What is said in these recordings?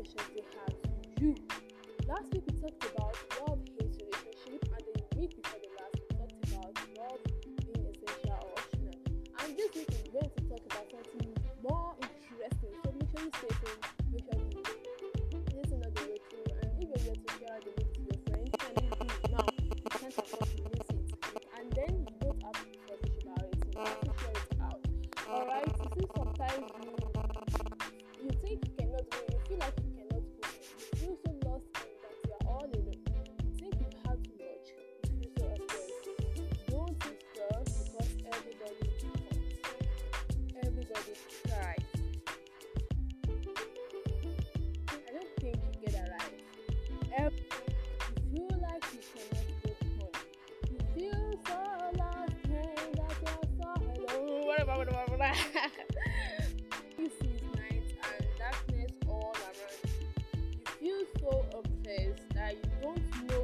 questions they have. You. Last week we talked about love hate relationship, and the week before the last we talked about love being essential or optional. And this week we're going to talk about something more interesting. So make sure you stay tuned. Make sure you listen all the way through. And if you're yet to share the link to your friends, kindly do it now. You can't afford that you don't know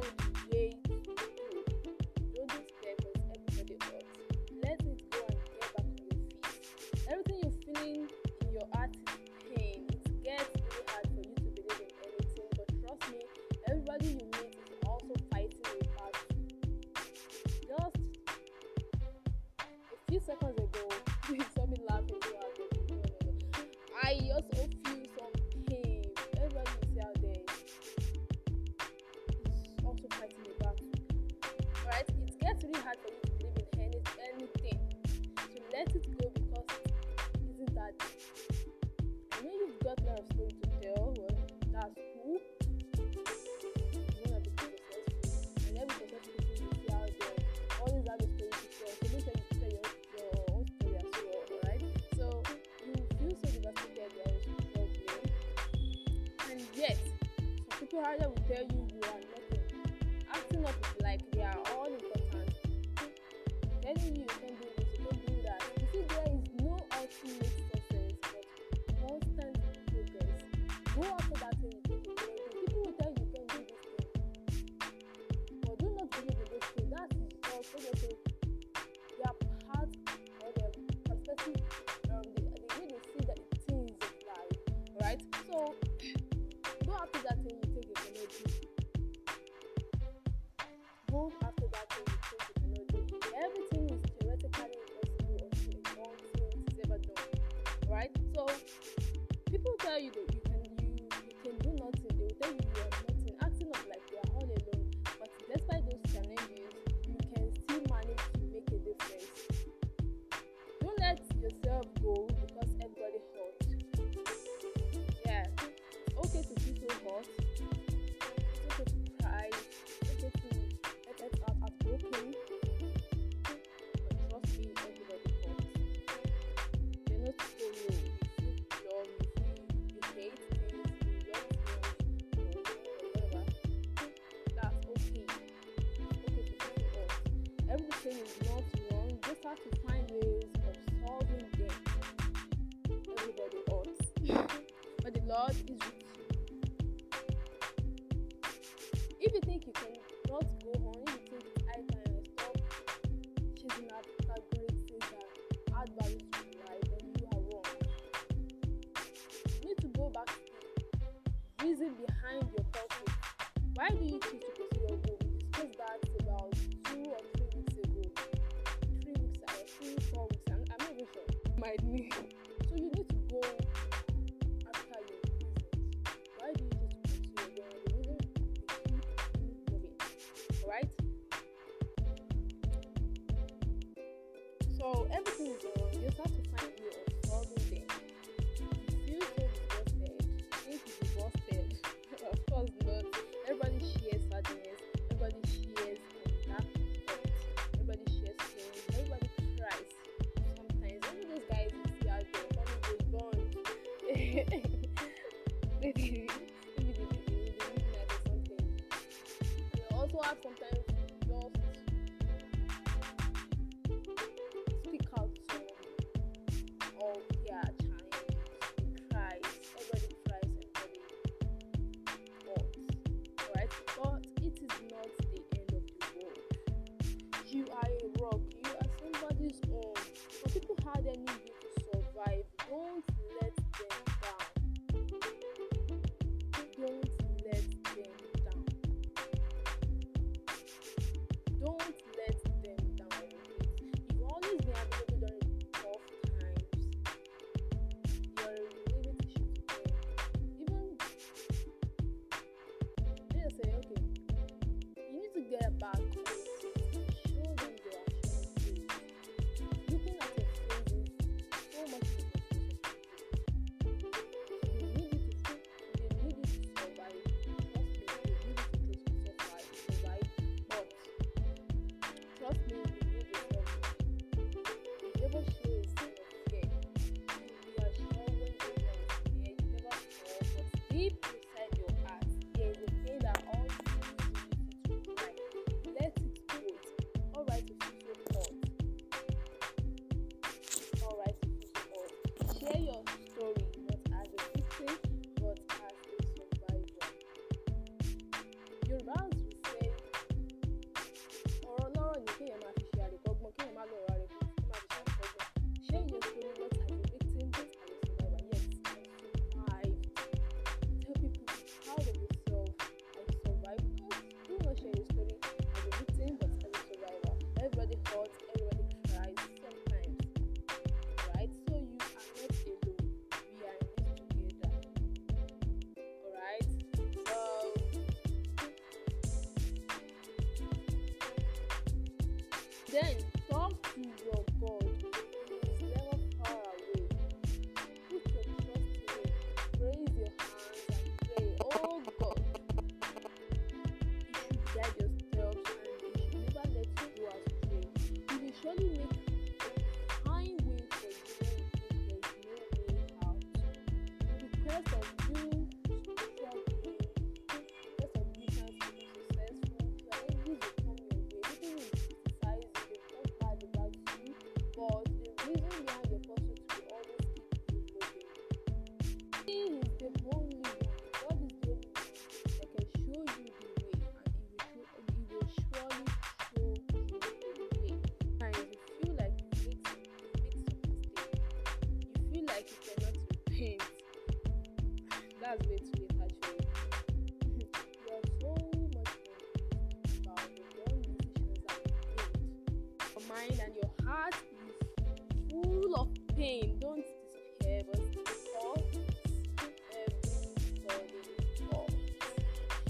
that's cool. you So you feel so devastated And yet, some people out there will tell you you are nothing. Acting up is like they are all important. Telling you you can do this, you can do that. You see, there is no success, but constant progress. Go up mind me. So you need to go after your business. Why do you need to pursue your goal? The reason keep moving, All right. So everything is wrong. You have to find a way of solving things. Feel so exhausted. Think disgusted. of course not. Everybody shares sadness. Everybody shares Then has so much more about the young musicians that Your mind and your heart is full of pain. Don't despair, but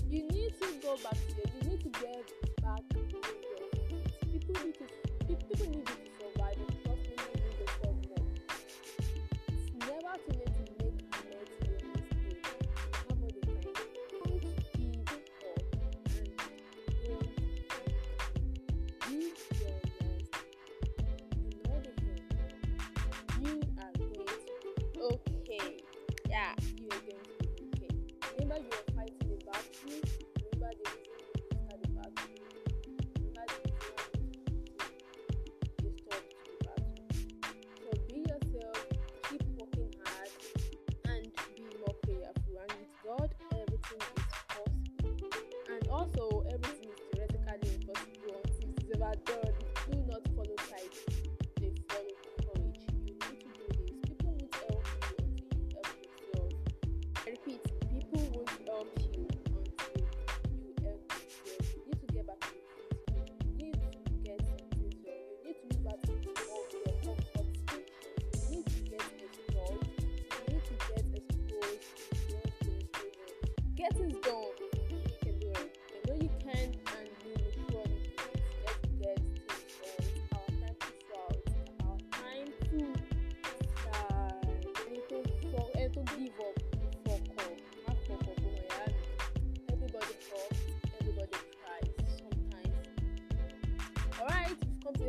You need to go back to it. You need to get back to People need to people need to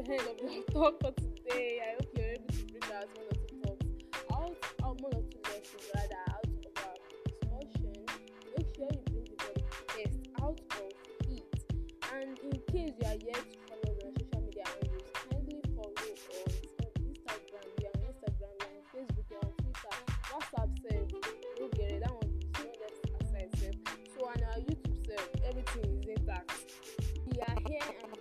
heard of your talk for today. I hope you're able to bring out one or two talks, out, out one or two lessons rather out of our discussion. Make sure you bring the best out of it. And in case you are yet to follow the social media handles, kindly follow us on Instagram. We are on Instagram, we are on Facebook, we are on Twitter, WhatsApp, self, go get it. That one is not just aside self. So on our YouTube self, everything is intact. We are here and